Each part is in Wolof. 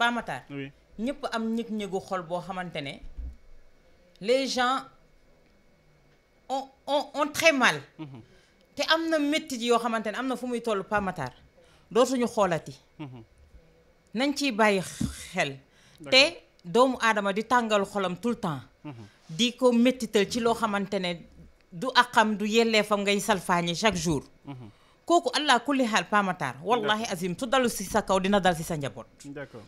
Pamatar. oui ñëpp am ñëg-ñëgu xol boo xamante ne les gens ont ont mal. Mhm. te am na métti yoo xamante ne am na fu muy toll Pamatar doo dootuñu xoolati. Mhm. nañ ciy bàyyi xel. te doomu aadama di tàngal xolam tout le temps. Mhm. di ko méttital ci loo xamante ne du aqam du yelleefam ngay salfaañi chaque jour. kooku allah kulli xaal pamataar wallahi azim su dalu si sa kaw dina dal si sa njaboot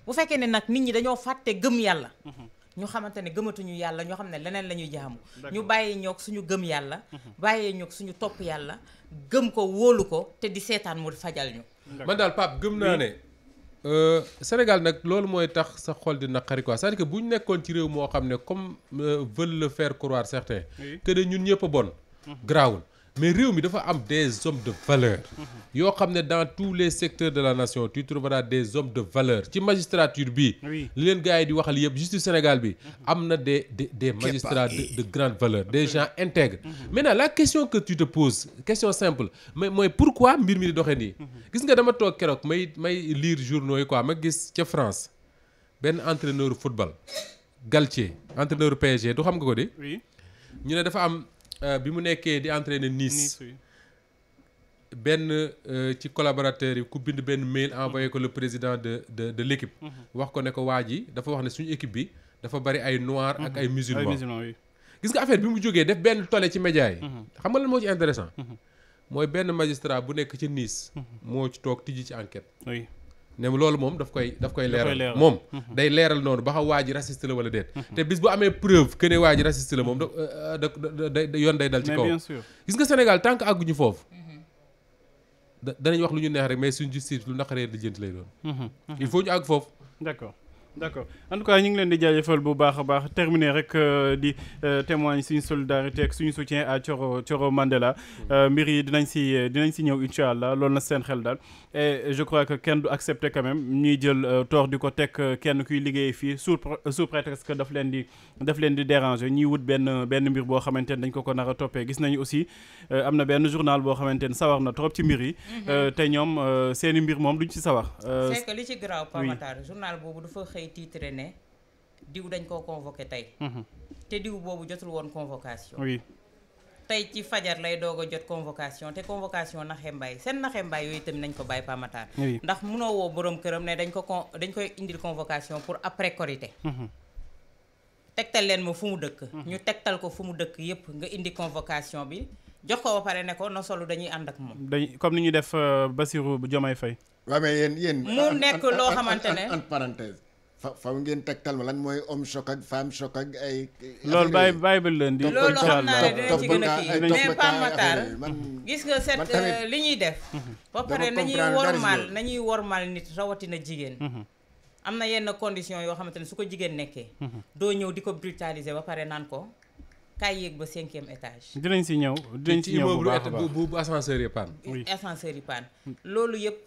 bu fekkee ne nag nit ñi dañoo fàtte gëm yàlla mhm. ñu xamante ne gëmatuñu yàlla ñoo xam ne leneen la ñuy jaamu ñu bàyyi ñoog suñu gëm yàlla mhm. bàyyi ñoog suñu topp yàlla gëm ko wóolu ko te di seetaan mu fajal ñu man daal Pape gëm naa ne euh, Sénégal nag loolu mooy tax sa xol di naqari ko c'est-à-dire que bu ñu nekkoon ci réew moo xam ne comme euh, veulent le faire croire certains que ne ñun ñëpp a mhm. mais réew mi dafa am des hommes de valeur yoo xam ne dans tous les secteurs de la nation tu trouveras des hommes de valeur ci magistrature bi li leen gars yi di waxal yëpp justice Sénégal bi mhm. am na des des des magistrats de, de grande valeur des gens intègres mhm. maintenant la question que tu te poses question simple mais mooy pourquoi mbir mi di doxee nii mhm. gis nga dama toog keroog may may liir journaux yi quoi ma gis ca France benn entraîneur football Galtier entraîneur PSG du xam nga ko de Euh, bi mu nekkee di entraîner Nice benn euh, ci collaborateur yi ku bind benn mail mhm. envoyé ko le président de de de l' mhm. wax ko ne ko waa ji dafa wax ne suñu équipe bi dafa bari ay noirs ak mhm. ay musulmans gis nga affaire bi mu jógee def benn tole ci média yi. xam nga lan moo ci intéressant mooy benn magistrat bu nekk ci Nice. moo ci toog tijji ci enquête. ne loolu moom daf koy daf koy leeral moom day leeral noonu ba xaw waa ji raciste la wala déet mm-hmm. te bis bu amee preuve que ne waa ji raciste la moom da euh, da yoon day dal ci kaw gis nga Sénégal tant que àgguñu foofu mm-hmm. danañ wax lu ñu neex rek mais suñ justice lu naqaree lijjanti lay doon mm-hmm. il faut ñu àgg foofu d'accord d' accord en tout cas ñu ngi leen di jaajëfal bu baax a baax terminé rek euh, di euh, témoigner suñu solidarité ak suñu soutien à Thioro Thioro Mandela. Mm. Euh, mbir yi dinañ si dinañ si ñëw incha allah lool na seen xel daal. et je crois que kenn du accepté quand même ñuy jël tort di ko teg kenn kuy liggéey fii sous sous daf leen di daf leen di déranger ñuy wut benn benn mbir boo xamante ne dañ ko ko nar a toppee gis nañu aussi am na benn journal boo xamante ne sawar na trop ci mbir yi. Mm-hmm. te ñoom seen i mbir moom duñ ci sawar. c'est journal boobu dafa xëy dafay titre ne diw dañ koo convoqué tey mhm. te diw boobu jotul woon convocation oui tey ci fajar lay doog a jot convocation te convocation naxe mbaay seen naxe mbaay yooyu tamit nañ ko bàyyi pamataan ndax munoo woo borom këram ne dañ ko con dañ koy indil convocation pour après korité mhm. tegtal leen ma fu mu dëkk mhm. ñu tegtal ko fu mu dëkk yépp nga indi convocation bi jox ko ba pare ne ko no solu dañuy ànd ak moom. dañ comme ni ñu def euh, Bassirou Diomaye Faye. mu nekk loo xamante ne fa faw ngeen tegtal ma lan mooy homme choc ak femme choc ak ay. loolu bàyyi bàyyi ba lundi. loolu xam naa ne dinañ ci gën a kii mais Pape Matar gis nga set euh, li ñuy def. Mhm. ba pare nañuy wormaal nañuy wormaal nit rawatina jigéen. Mhm. am na yenn condition yoo xamante ne su ko jigéen nekkee. Mhm. doo ñëw di ko brutaliser ba pare naan ko. kaay yéeg ba cinquième étage. dinañ si ñëw dinañ si ñëw bu a baax bu bu paan. ascenseur paan loolu yëpp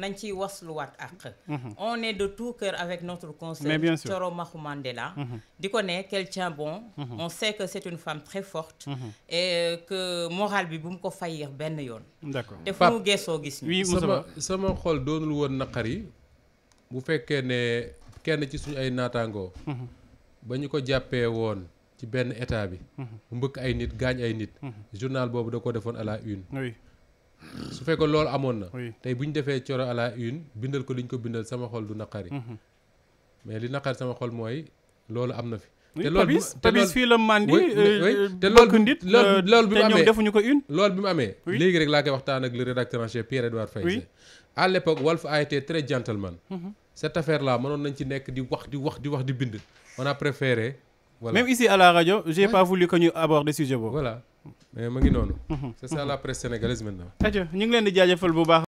nañ ciy wasluwaat ak. Mhm. on de tout cœur avec notre conseil. mais bien sûr mhm. di ko ne quelqu'un bon. Mhm. on sait que c'est une femme très forte. et euh, que moral bi bu mu ko fayir benn yoon. d'accord te fu mu geesoo gis. oui sama sama xol doonul woon naqar yi bu fekkee ne kenn ci suñu ay naataangoo. ba ñu ko jàppee woon. ci benn état bi. mu mhm. mbëkk ay nit gaañ ay nit. Mhm. journal boobu da ko defoon à la une. oui su fekkoon loolu amoon na. tey bu ñu defee coro à la une bindal ko li ñu ko bindal sama xol du naqari. Mhm. mais li naqari sama xol mooy loolu am na fi. te loolu tabis fii la mandi euh, euh, te loolu nit loolu euh, bi mu amee te ko une. loolu bi mu amee. léegi rek laa koy waxtaan ak le rédacteur en chef Pierre-Edouard Faye. oui à l'époque Walf a été très gentleman. cette affaire là mënoon nañ ci nekk di wax di wax di bind. on a préféré. voilà même ici à la rajo j'ai pas voulu que ñu aborder sujet boobu. voilà mais ngi noonu. Mhm. ñu ngi leen di jaajëfal bu baax.